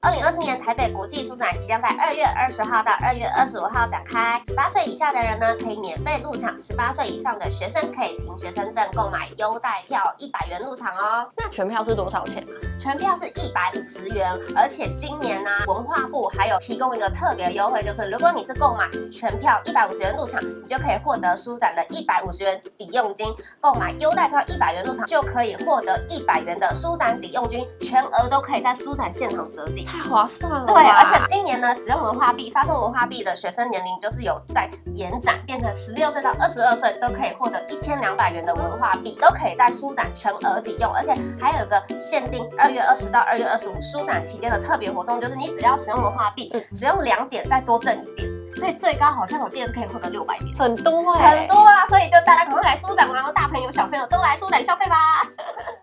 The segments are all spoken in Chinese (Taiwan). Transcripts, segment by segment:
二零二四年台北國際書展即將在二月二十號到二月二十五號展開。十八歲以下的人呢，可以免費入場；十八歲以上的學生可以憑學生證購買優待票一百元入場哦。那全票是多少錢？全票是一百五十元。而且今年呢、啊，文化部還有提供一個特別優惠，就是如果你是購買全票一百五十元入場，你就可以獲得書展的一百五十元抵用金；購買優待票一百元入場，就可以獲得一百元的書展抵用金，全額都可以在書展現場折抵。太划算了，對啊，而且今年呢，使用文化幣、發送文化幣的學生年齡就是有在延展，變成十六歲到二十二歲都可以獲得一千兩百元的文化幣，都可以在書展全額抵用，而且還有一個限定二月二十到二月二十五書展期間的特別活動，就是你只要使用文化幣，使用兩點再多贈一點，所以最高好像我記得是可以獲得六百點。很多啊、欸。很多啊，所以就大家趕快來書展哦，大朋友小朋友都來書展消費吧。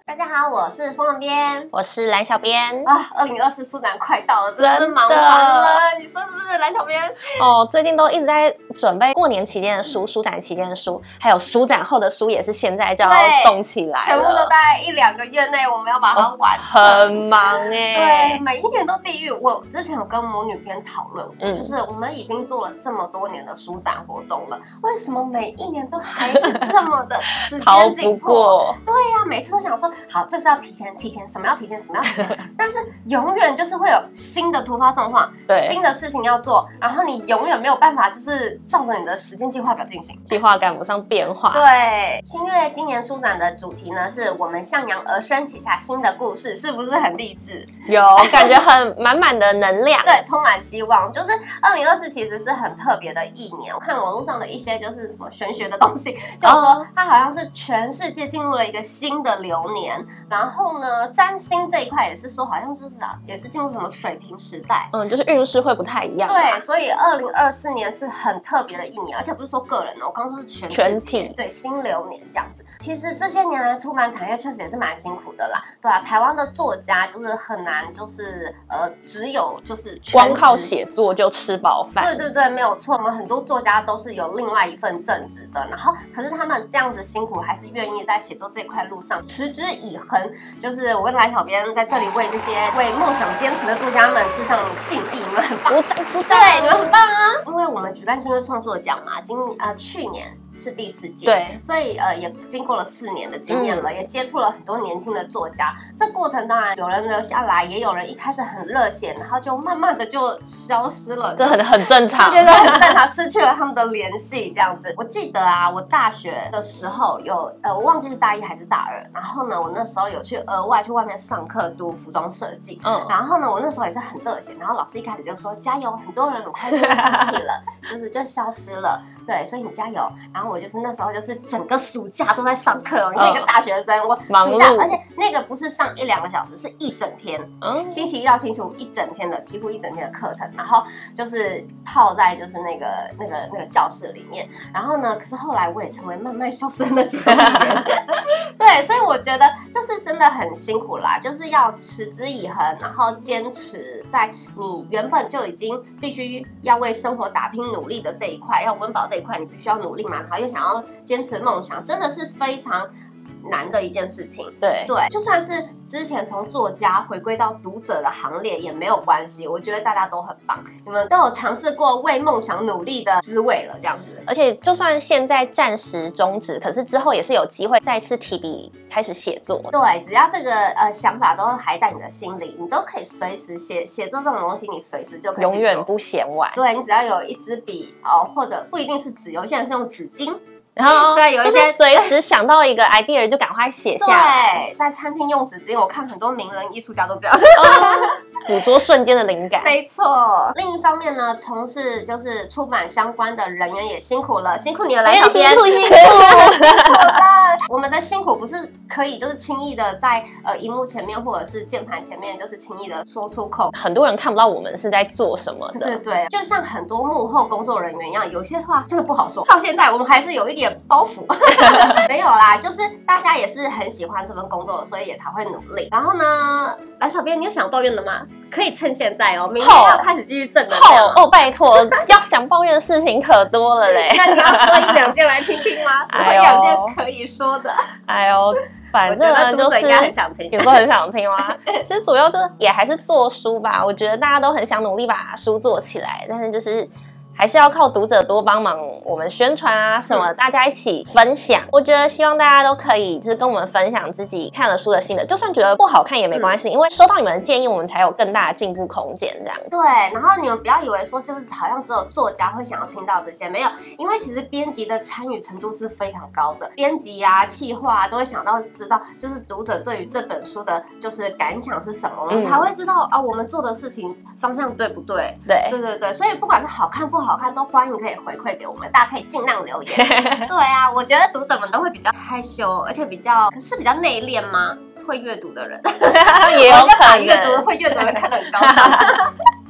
大家好，我是風人編。我是嵐小編啊。二零二四書展快到了，真的忙瘋了的，你說是不是嵐小編？哦，最近都一直在準備過年期間的書、嗯、書展期間的書，還有書展後的書，也是現在就要動起來，全部都在一兩個月內，我們要把它完成。哦、很忙哎、欸，對，每一年都地獄。我之前有跟母女編討論過、嗯，就是我們已經做了這麼多年的書展活動了，為什麼每一年都還是這麼的時間緊迫？ 不過對呀、啊，每次都想說。好，這是要提前，提前，什麼要提前，什麼要提前，提前 但是永遠就是會有新的突發狀況，新的事情要做，然後你永遠沒有辦法就是照着你的時間計劃表進行，計劃趕不上變化。對，新月今年書展的主題呢，是我們向陽而生，寫下新的故事，是不是很勵志？有感覺很滿滿 的能量，對，充滿希望。就是二零二四其實是很特別的一年，我看網絡上的一些就是什麼玄學的東西，就說它好像是全世界進入了一個新的流年。年，然後呢，占星這一塊也是說，好像就是啊，也是進入什麼水瓶時代，嗯，就是運勢會不太一樣。對，所以二零二四年是很特別的一年，而且不是說個人哦，我剛剛說全全體，全體，對，新流年這樣子。其實這些年來出版產業確實也是蠻辛苦的啦，對啊。台灣的作家就是很難，就是呃，只有就是光靠寫作就吃飽飯。對對對，沒有錯。我們很多作家都是有另外一份正職的，然後可是他們這樣子辛苦，還是願意在寫作這一塊路上持之以恆，就是我跟嵐小編在這裡為這些為夢想堅持的作家們致上敬意，你們鼓掌鼓掌、嗯嗯嗯，對，你們很棒啊！因為我們舉辦新的創作獎嘛，今啊、呃、去年。是第四屆，對，所以呃也經過了四年的經驗了，了也接觸了很多年輕的作家。嗯、這過程當然有人留下來，也有人一開始很熱血，然後就慢慢的就消失了，這很很正常，很正常，失去了他們的聯繫這樣子。我記得啊，我大學的時候有呃，我忘記是大一還是大二，然後呢，我那時候有去額外去外面上課讀服裝設計，嗯，然後呢，我那時候也是很熱血，然後老師一開始就說 加油，很多人很快就放棄了，就是就消失了。對，所以你加油。然後我就是那時候就是整個暑假都在上課，哦、你看一個大學生，我暑假，而且那個不是上一兩個小時，是一整天，嗯，星期一到星期五一整天的，幾乎一整天的課程，然後就是泡在就是那個那個那個教室裡面。然後呢，可是後來我也成為慢慢消失的那幾個人。 對，所以我覺得就是真的很辛苦啦，就是要持之以恆，然後堅持在你原本就已經必須要為生活打拼努力的這一塊，要溫飽這一塊，你必須要努力嘛，然後又想要堅持夢想，真的是非常。難的一件事情，對對，就算是之前從作家回歸到讀者的行列也沒有關係。我覺得大家都很棒，你們都有嘗試過為夢想努力的滋味了，這樣子。而且就算現在暫時終止，可是之後也是有機會再次提筆開始寫作。對，只要這個呃想法都還在你的心裡，你都可以隨時寫。寫作這種東西，你隨時就可以，永遠不嫌晚。對，你只要有一支筆哦，或者不一定是紙，有些人是用紙巾。然後對有一些，就是隨時想到一個 idea 就趕快寫下來。對，在餐廳用紙巾，我看很多名人、藝術家都這樣， 捕捉瞬間的靈感。沒錯。另一方面呢，從事就是出版相關的人員也辛苦了，辛苦你了，嵐小編，辛苦 辛苦了。 我們的辛苦不是可以就是輕易的在呃熒幕前面或者是鍵盤前面就是輕易的說出口，很多人看不到我們是在做什麼的。對對對，就像很多幕後工作人員一樣，有些話真的不好說。到現在我們還是有一點。包袱 沒有啦，就是大家也是很喜歡這份工作，所以也才會努力。然後呢，嵐、啊、小編，你有想抱怨的嗎？可以趁現在哦，明天要開始繼續掙了、哦。哦，拜託， 要想抱怨的事情可多了嘞。 那你要說一兩件來聽聽嗎？哎、說一兩件可以說的？哎呦，反正就是，應該很想聽，也、就、不是很想聽嗎？ 其實主要就是也還是做書吧，我覺得大家都很想努力把書做起來，但是就是。還是要靠讀者多幫忙，我們宣傳啊什麼、嗯，大家一起分享。我覺得希望大家都可以，就是跟我們分享自己看了書的心得，就算覺得不好看也沒關係、嗯，因為收到你們的建議，我們才有更大的進步空間。這樣對。然後你們不要以為說，就是好像只有作家會想要聽到這些，沒有，因為其實編輯的參與程度是非常高的，編輯啊、企劃、啊、都會想到知道，就是讀者對於這本書的，就是感想是什麼，嗯、我們才會知道啊、哦，我們做的事情方向對不對？對，對對對。所以不管是好看不好。好看都歡迎可以回饋給我們，大家可以盡量留言。 對啊，我覺得讀者們都會比較害羞，而且比較可是比較內斂嘛，會閱讀的人 也有可能閱讀會閱讀的人看得很高，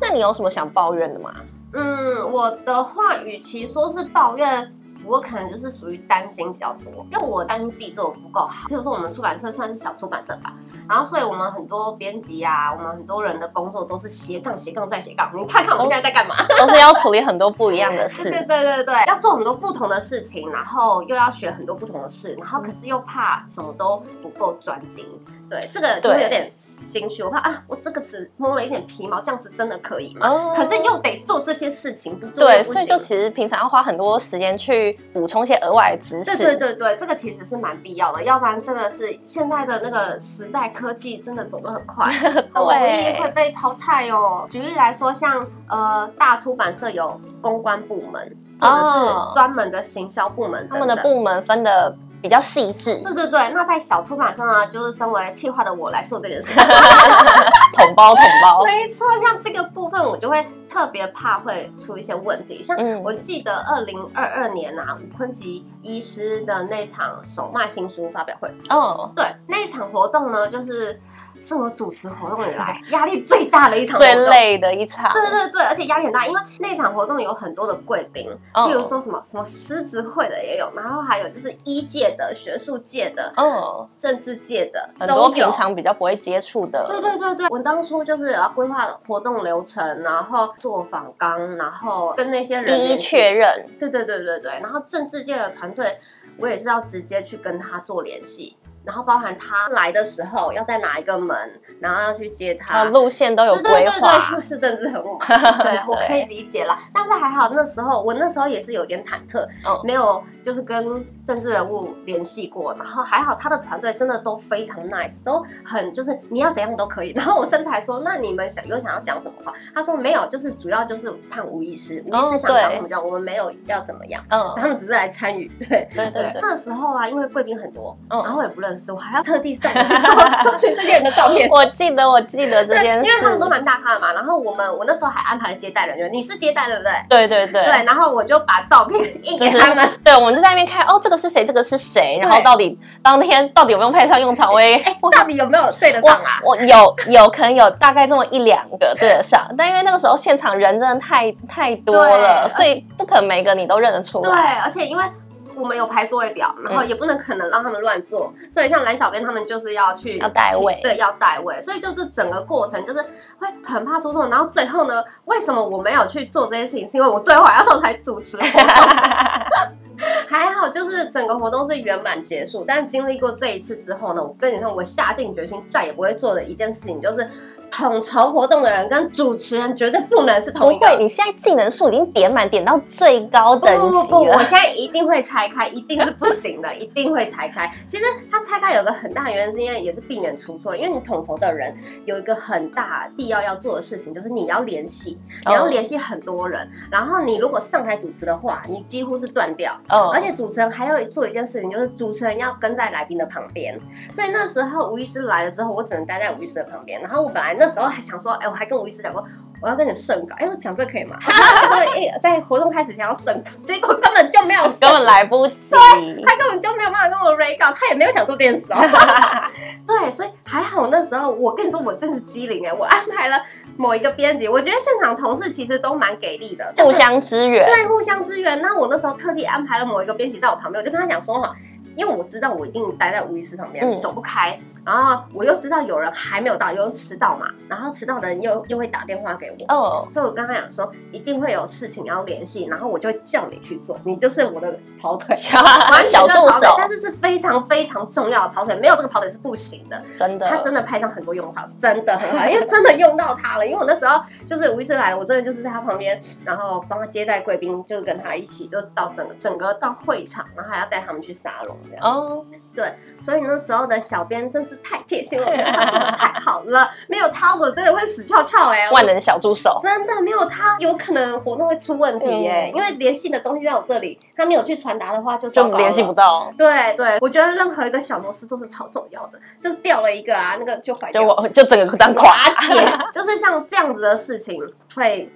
那你有什麼想抱怨的嗎？嗯，我的話，與其說是抱怨。我可能就是屬於擔心比較多，因為我擔心自己做的不夠好。比如說，我們出版社算是小出版社吧，然後所以我們很多編輯呀，我們很多人的工作都是斜槓斜槓再斜槓。你看看我們現在在幹嘛，Okay. 都是要處理很多不一樣的事。對,對對對對對，要做很多不同的事情，然後又要學很多不同的事，然後可是又怕什麼都不夠專精。對這個就會有點心虛，我怕啊，我這個只摸了一點皮毛，這樣子真的可以嗎？哦，可是又得做這些事情，不做又不行。對，所以就其實平常要花很多時間去補充一些額外的知識。對對對對，這個其實是蠻必要的，要不然真的是現在的那個時代科技真的走得很快，很容易會被淘汰哦。舉例來說，像呃大出版社有公關部門，或者是專門的行銷部門等等，哦，他們的部門分的比較細緻，對對對。那在小出版社呢，就是身為企劃的我來做這件事， 統包統包，沒錯。像這個部分，我就會特別怕會出一些問題。像我記得二零二二年啊，吳、嗯、昆奇醫師的那場首賣新書發表會，哦，對，那一場活動呢，就是。是我主持活動以來壓力最大的一場， 最累的一場。對，對對對，而且壓力很大，因為那場活動有很多的貴賓，嗯、比如說什麼、哦、什麼獅子會的也有，然後還有就是醫界的學術界的，哦、政治界的很多平常比較不會接觸的。對對對對，我當初就是要規劃活動流程，然後做訪綱，然後跟那些人一一確認。對對對對對，然後政治界的團隊，我也是要直接去跟他做聯繫。然後包含他來的時候要在哪一個門，然後要去接他、啊、路線都有規劃，對對對 是政治人物，對，對， 對，我可以理解啦。但是還好那時候我那時候也是有點忐忑、嗯，沒有就是跟政治人物聯繫過、嗯。然後還好他的團隊真的都非常 nice，都很就是你要怎樣都可以。然後我甚至還說，嗯、那你們想、嗯、又想要講什麼話？他說沒有，就是主要就是看吳醫師，吳醫師想講就講、嗯，我們沒有要怎麼樣，嗯，他們只是來參與，對對，對對。 那時候啊，因為貴賓很多，嗯，然後也不認識。.我還要特地送去、啊、 送去這些人的照片。 我記得，我記得這件事， 因為他們都蠻大咖的嘛。然後我們，我那時候還安排了接待人員，你是接待對不對？對對對，對。然後我就把照片印給他們、就是，對我們就在那邊看，哦，這個是誰？這個是誰？然後到底 當天到底有沒有派上用場？我 也、欸，到底有沒有對得上啊？ 我，我有，有可能有大概這麼一兩個對得上，但因為那個時候現場人真的太太多了，所以不可能每個你都認得出來，對，而且因為。我沒有排座位表，然後，也不能可能讓他們亂坐，嗯，所以像嵐小編他們就是要去要帶位，對，要帶位。所以就這整個過程就是會很怕出錯，然後最後呢，為什麼我沒有去做這些事情？是因為我最後還要上台主持活動， 還好就是整個活動是圓滿結束。但經歷過這一次之後呢，我跟你說，我下定決心再也不會做的一件事情就是。統籌活動的人跟主持人絕對不能是同一。不會，你現在技能數已經點滿，點到最高等級了。不不不，我現在一定會拆開， 一定是不行的，一定會拆開。其實它拆開有個很大的原因，是因為也是避免出錯。因為你統籌的人有一個很大必要要做的事情，就是你要聯繫，你要聯繫很多人。Oh. 然後你如果上台主持的話，你幾乎是斷掉。Oh. 而且主持人還要做一件事情，就是主持人要跟在來賓的旁邊。所以那時候吳醫師來了之後，我只能待在吳醫師的旁邊。然後我本來。那時候還想說，哎、欸，我還跟吳醫師講過，我要跟你審稿。哎、欸，我講這個可以嗎？所 以、欸，在活動開始前要審稿，結果根本就沒有， 根本來不及，他根本就沒有辦法跟我改稿，他也沒有想做電視哦。 對，所以還好那時候，我跟你說，我真是機靈哎，我安排了某一個編輯，我覺得現場同事其實都蠻給力的，互相支援，對，互相支援。那我那時候特地安排了某一個編輯在我旁邊，我就跟他講說哈。因為我知道我一定待在吳醫師旁邊，嗯，走不開。然後我又知道有人還沒有到，有人遲到嘛。然後遲到的人又又會打電話給我。哦，所以我剛剛講說一定會有事情要聯繫，然後我就叫你去做，你就是我的跑腿，哈哈完全跟跑腿。小動手，但是是非常非常重要的跑腿，沒有這個跑腿是不行的。真的，他真的派上很多用場，真的很好， 因為真的用到他了。因為我那時候就是吳醫師來了，我真的就是在他旁邊，然後幫他接待貴賓，就是跟他一起就到整個整個到會場，然後還要帶他們去沙龍。哦，oh. 對，所以那時候的小編真是太貼心了，的 太好了。沒有他，我真的會死翹翹哎！萬能小助手，真的沒有他，有可能活動會出問題哎、欸嗯，因為聯繫的東西在我這裡，他沒有去傳達的話就，就就聯繫不到、哦。對對，我覺得任何一個小螺絲都是超重要的，就是掉了一個啊，那個就壞就我就整個這樣垮起、啊，就是像這樣子的事情 會。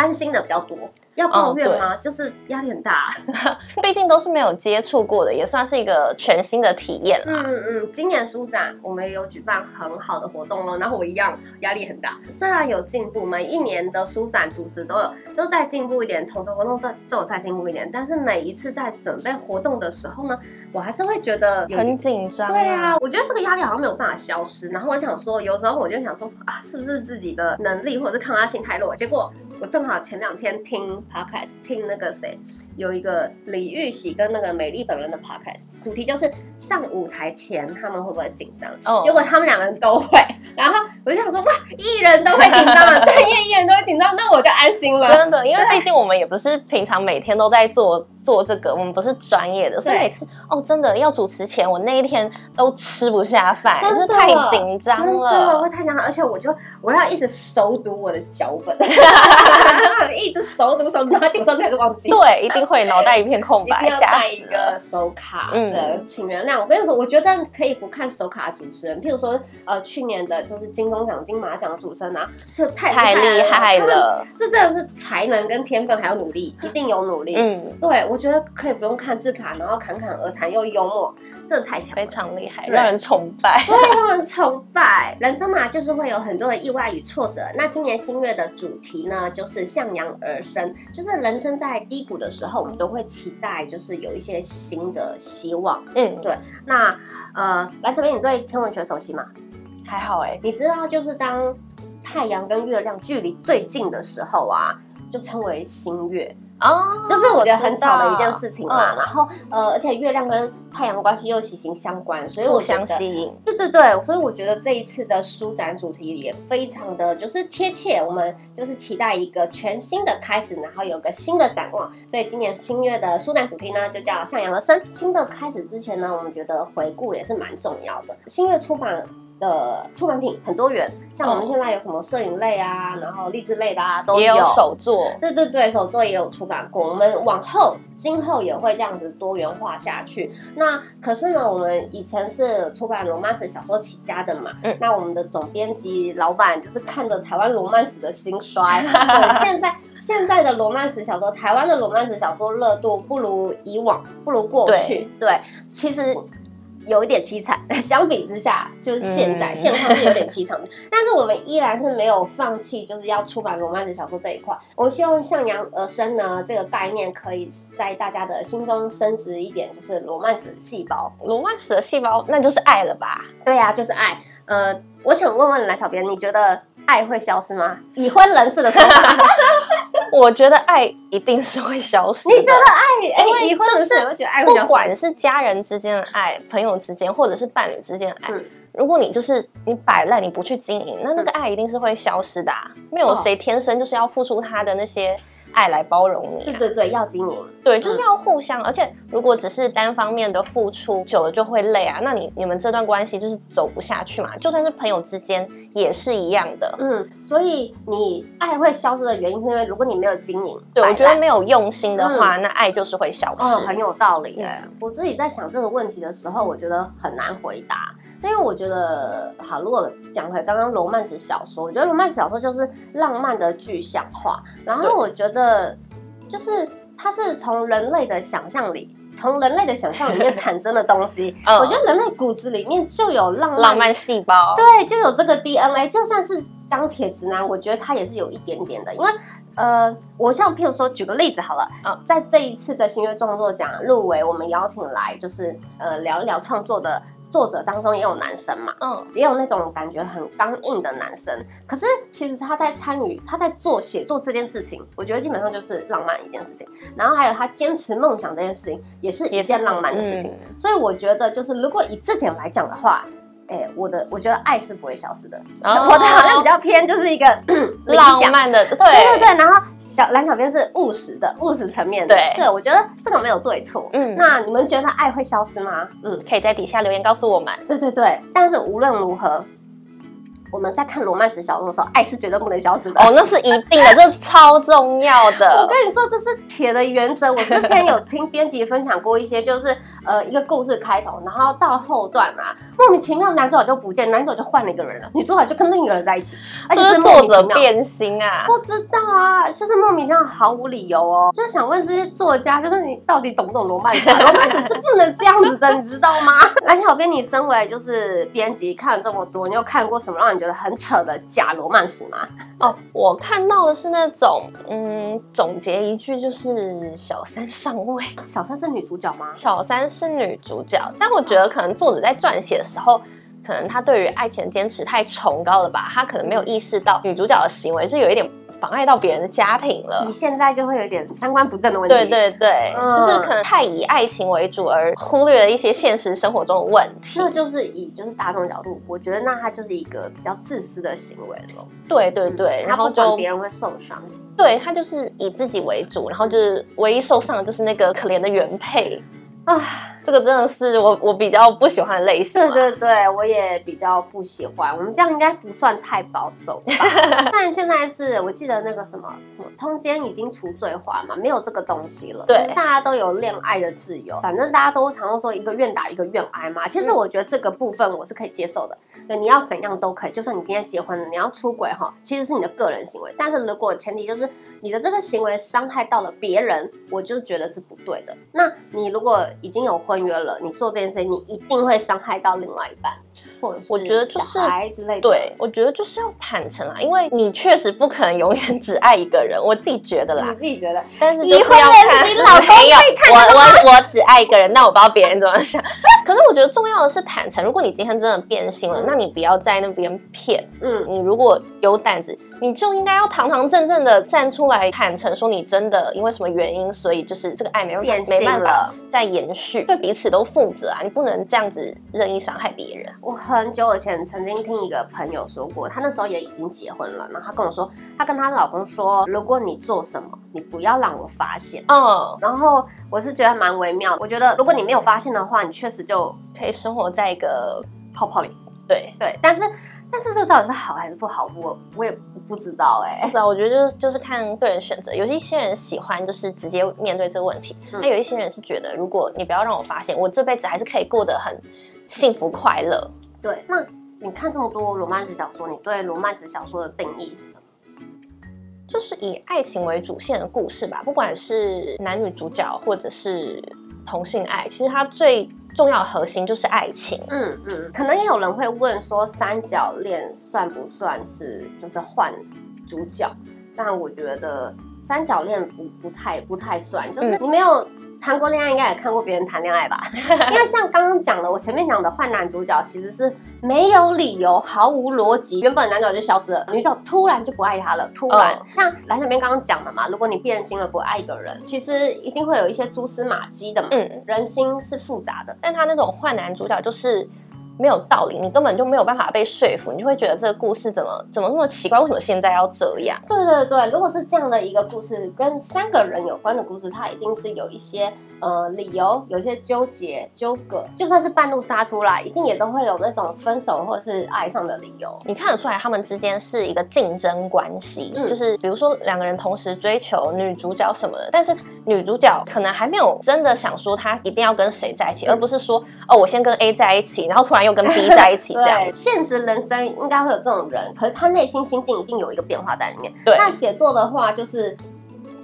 擔心的比較多，要抱怨嗎、哦？就是壓力很大，啊， 畢竟都是沒有接觸過的，也算是一個全新的體驗啦。嗯嗯，今年書展我們也有舉辦很好的活動咯，然後我一樣壓力很大。雖然有進步，每一年的書展主持都有都在進步一點，統籌活動都有都有再進步一點，但是每一次在準備活動的時候呢，我還是會覺得很緊張。對啊，我覺得這個壓力好像沒有辦法消失。然後我想說，有時候我就想說啊，是不是自己的能力或者是抗壓性太弱？結果。我正好前兩天聽 podcast，聽那個誰，有一個李玉玺跟那個美麗本人的 podcast，主題就是上舞台前他們會不會緊張？哦、oh.，結果他們兩個人都會。然後我就想說，哇，藝人都會緊張啊，專 業藝人都會緊張，那我就安心了。真的，因為畢竟我們也不是平常每天都在做。做這個，我們不是專業的，所以每次哦，真的要主持前，我那一天都吃不下飯，我就太緊張了，真的會太緊張，而且我就我要一直熟讀我的腳本，哈哈哈，一直熟讀熟讀，他基本上開始忘記，對，一定會腦袋一片空白，下一，一個手卡的，對、嗯。請原諒我跟你說，我覺得可以不看手卡主持人，譬如說呃，去年的就是金鐘獎、金馬獎主持人啊，這太太厲害了，這真的是才能跟天分還要努力，一定有努力，嗯，對。我覺得可以不用看字卡，然後侃侃而談又幽默，這才太強，非常厲害，讓人崇拜。對，讓人崇拜。 人生嘛、啊，就是會有很多的意外與挫折。那今年新月的主題呢，就是向陽而生，就是人生在低谷的時候，我們都會期待，就是有一些新的希望。嗯，對。那呃，嵐小編，你對天文學熟悉嗎？還好哎、欸，你知道，就是當太陽跟月亮距離最近的時候啊，就稱為新月。哦，就是我覺得很巧的一件事情嘛、哦嗯，然後呃，而且月亮跟太陽關係又息息相關，所以我，我相信。對對對，所以我覺得這一次的書展主題也非常的就是貼切，我們就是期待一個全新的開始，然後有個新的展望。所以今年新月的書展主題呢，就叫向陽而生。新的開始之前呢，我們覺得回顧也是蠻重要的。新月出版。的出版品很多元，像我們現在有什麼攝影類啊，然後勵志類的啊，都有。也有手作，對對對，手作也有出版過。我們往後今後也會這樣子多元化下去。那可是呢，我們以前是出版羅曼史小說起家的嘛。嗯。那我們的總編輯老闆就是看着台灣羅曼史的興衰。 對，現在現在的羅曼史小說，台灣的羅曼史小說熱度不如以往，不如過去。對，對，其實。有一點淒慘， 相比之下，就是現在現況是有點淒慘的，嗯。但是我們依然是沒有放棄，就是要出版羅曼史小說這一塊。我希望向陽而生呢，這個概念可以在大家的心中升值一點，就是羅曼史細胞。羅曼史的細胞，那就是愛了吧？對呀，啊，就是愛。呃，我想問問嵐小編，你覺得愛會消失嗎？已婚人士的說法。我覺得愛一定是會消失的。 你這個愛，因為就是不管是家人之間的愛， 朋友之間，或者是伴侶之間的愛，嗯，如果你就是你擺爛，你不去經營，那那個愛一定是會消失的啊，嗯。沒有誰天生就是要付出他的那些。愛來包容你。啊，對對對，要經營，對，就是要互相。嗯、而且，如果只是單方面的付出，久了就會累啊。那你你們這段關係就是走不下去嘛。就算是朋友之間也是一樣的。嗯，所以你愛會消失的原因，是因為如果你沒有經營，對，我覺得沒有用心的話，嗯、那愛就是會消失。哦、很有道理耶，對，我自己在想這個問題的時候，嗯、我覺得很難回答。因為我覺得，好，如果講回剛剛羅曼史小說，我覺得羅曼史小說就是浪漫的具象化。然後我覺得，就是它是從人類的想象裡，從人類的想象裡面產生的東西。 哦、我覺得人類骨子裡面就有浪漫，浪漫細胞，對，就有這個 DNA。就算是鋼鐵直男，我覺得他也是有一點點的。因為，呃，我像譬如說舉個例子好了，啊、哦，在這一次的新月創作獎入圍，我們邀請來就是呃聊一聊創作的。作者當中也有男生嘛，嗯，也有那種感覺很剛硬的男生。可是其實他在參與，他在做寫作這件事情，我覺得基本上就是浪漫一件事情。然後還有他堅持夢想這件事情，也是一件浪漫的事情。嗯，所以我覺得，就是如果以這點來講的話。哎、欸，我的我覺得愛是不會消失的。Oh, 我的好像比較偏，就是一個 理想浪漫的對，對對對。然後小嵐小編是務實的，務實層面的對。對，我覺得這個沒有對錯。嗯，那你們覺得愛會消失嗎？嗯，可以在底下留言告訴我們。對對對，但是無論如何。嗯我們在看羅曼史小說的時候，愛是絕對不能消失的。哦，那是一定的， 這是超重要的。我跟你說，這是鐵的原則。我之前有聽編輯分享過一些， 就是呃，一個故事開頭，然後到後段啊，莫名其妙男主角就不見，男主角就換了一個人了，女主角就跟另一個人在一起。而且是，是不是作者變心啊？不知道啊，就是莫名其妙，毫無理由哦。就是想問這些作家，就是你到底懂不懂羅曼史啊？羅 曼史是不能這樣子的，你知道嗎？嵐 小編，你身為就是編輯，看了這麼多，你有看過什麼讓你覺得很扯的假羅曼史嗎？哦，我看到的是那種，嗯，總結一句就是小三上位，小三是女主角嗎？小三是女主角，但我覺得可能作者在撰寫的時候，可能他對於愛情的堅持太崇高了吧，他可能沒有意識到女主角的行為是有一點。妨礙到別人的家庭了，你現在就會有點三觀不正的問題。對對對，嗯、就是可能太以愛情為主，而忽略了一些現實生活中的問題。那就是以就是大眾角度，我覺得那他就是一個比較自私的行為了。對對對，嗯、然後就不管別人會受傷。對，他就是以自己為主，然後就是唯一受傷的就是那個可憐的原配啊。這個真的是我我比較不喜歡的類型，對對對，我也比較不喜歡。我們這樣應該不算太保守吧？ 但現在是我記得那個什麼什麼通姦已經除罪化嘛，沒有這個東西了。對，就是、大家都有戀愛的自由，反正大家都常說一個願打一個願挨嘛。其實我覺得這個部分我是可以接受的、嗯，對，你要怎樣都可以。就算你今天結婚了，你要出軌哈，其實是你的個人行為。但是如果前提就是你的這個行為傷害到了別人，我就覺得是不對的。那你如果已經有婚約了，你做這件事情，你一定會傷害到另外一半。或者我覺得就是對，我覺得就是要坦誠啊，因為你確實不可能永遠只愛一個人，我自己覺得啦，我 自己覺得。但是你會看，你老公要我我我只愛一個人， 那我不知道別人怎麼想。可是我覺得重要的是坦誠。如果你今天真的變心了，那你不要在那邊騙。嗯，你如果有膽子，你就應該要堂堂正正的站出來坦誠說，你真的因為什麼原因，所以就是這個愛沒有辦法再延續，對彼此都負責啊！你不能這樣子任意傷害別人哇。我很久以前，曾經聽一個朋友說過，他那時候也已經結婚了。然後他跟我說，他跟她老公說：“如果你做什麼，你不要讓我發現。”嗯，然後我是覺得蠻微妙的。我覺得，如果你沒有發現的話，你確實就可以生活在一個泡泡裡。對對，但是但是這到底是好還是不好，我我也不知道哎。是啊，我覺得就是就是看個人選擇。有一些人喜歡就是直接面對這個問題，那、嗯、有一些人是覺得，如果你不要讓我發現，我這輩子還是可以過得很幸福快樂。對，那你看這麼多羅曼史小說，你對羅曼史小說的定義是什麼？就是以愛情為主線的故事吧，不管是男女主角或者是同性愛，其實它最重要的核心就是愛情。嗯嗯。可能也有人會問說，三角戀算不算是就是換主角？但我覺得三角戀不不太不太算，就是你沒有。嗯談過戀愛應該也看過別人談戀愛吧， 因為像剛剛講的，我前面講的換男主角其實是沒有理由、毫無邏輯。原本男主角就消失了，女主角突然就不愛他了，突然像嵐小編剛剛講的嘛，如果你變心了不愛一個人，其實一定會有一些蛛絲馬跡的嘛、嗯。人心是複雜的，但他那種換男主角就是。沒有道理，你根本就沒有辦法被說服，你就會覺得這個故事怎麼怎麼那麼奇怪？為什麼現在要這樣？對對對，如果是這樣的一個故事，跟三個人有關的故事，它一定是有一些呃理由，有一些糾結糾葛。就算是半路殺出來，一定也都會有那種分手或者是愛上的理由。你看得出來，他們之間是一個競爭關係、嗯，就是比如說兩個人同時追求女主角什麼的，但是女主角可能還沒有真的想說她一定要跟誰在一起，嗯、而不是說哦我先跟 A 在一起，然後突然又。跟 B 在一起， 對，現實人生應該會有這種人，可是他內心心境一定有一個變化在裡面。對，那寫作的話就是。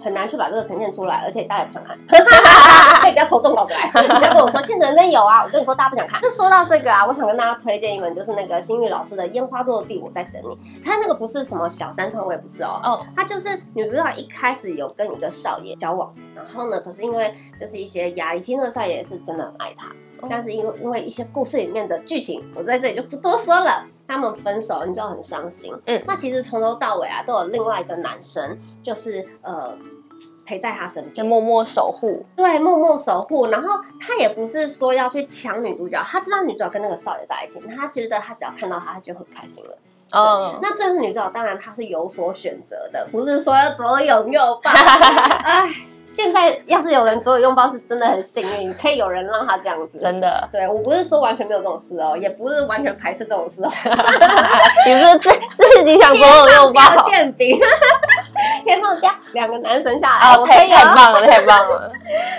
很難去把這個呈現出來，而且大家也不想看，哈哈哈，所以不要投中廣告來， 你不要跟我說現在真有啊！我跟你說，大家不想看。這說到這個啊，我想跟大家推薦一本，就是那個星豫老師的《煙花落地，我在等你》。他那個不是什麼小三上位，不是哦，哦，他就是你不知道，一開始有跟一個少爺交往，然後呢，可是因為就是一些壓力，其實那個少爺是真的很愛她，oh. 但是因為因為一些故事裡面的劇情，我在這裡就不多說了。他們分手，你就很傷心。嗯，那其實從頭到尾啊，都有另外一個男生，就是呃，陪在他身邊，默默守護。對，默默守護。然後他也不是說要去搶女主角，他知道女主角跟那個少爺在一起，他覺得他只要看到他，他就很開心了哦。哦，那最後女主角當然她是有所選擇的，不是說要左擁右抱。哎。 現在要是有人左擁右抱是真的很幸運，可以有人讓他這樣子，真的。對，我不是說完全沒有這種事哦，也不是完全排斥這種事哦。 你說是，是自自己想左擁右抱？餡餅，先 天上掉兩個男神下來、oh, 哦太，太棒了，太棒了。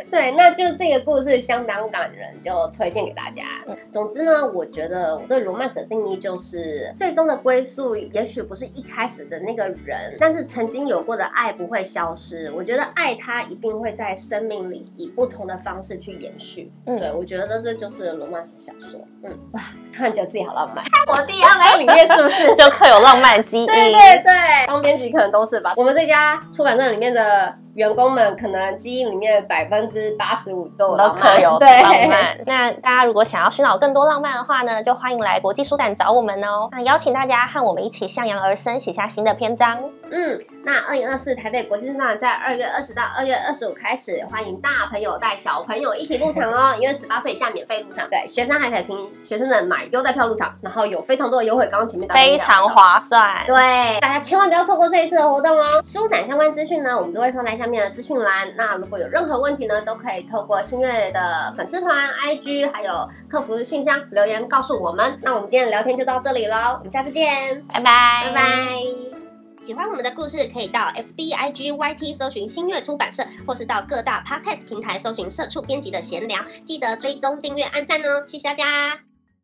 對，那就這個故事相當感人，就推薦給大家，嗯。總之呢，我覺得我對羅曼史的定義就是，最終的歸宿也許不是一開始的那個人，但是曾經有過的愛不會消失。我覺得愛它一定會在生命裡以不同的方式去延續。嗯，對，我覺得這就是羅曼史小說。嗯，哇，突然覺得自己好浪漫。看 我的第二類裡面是不是就刻有浪漫基因？對對對，當編輯可能都是吧。我們這家出版社裡面的員工們，可能基因裡面擺。百分之八十五都可以哦。對。 那大家如果想要尋找更多浪漫的話呢，就歡迎來國際書展找我們哦。那邀請大家和我們一起向陽而生，寫下新的篇章。嗯，那二零二四台北國際書展在二月二十到二月二十五開始，歡迎大朋友帶小朋友一起入場哦， 因為十八歲以下免費入場， 對，學生還可以憑學生證買優待票入場，然後有非常多的優惠，剛剛前面非常划算，對。對，大家千萬不要錯過這一次的活動哦。書展相關資訊呢，我們都會放在下面的資訊欄。那如果有任何問，問題呢，都可以透過新月的粉絲團 IG 還有客服信箱留言告訴我們。那我們今天的聊天就到這裡嘍，我們下次見，拜拜拜拜。喜歡我們的故事，可以到 FBIGYT 搜尋新月出版社，或是到各大 Podcast 平台搜尋社畜編輯的閒聊，記得追蹤訂閱按讚哦，謝謝大家。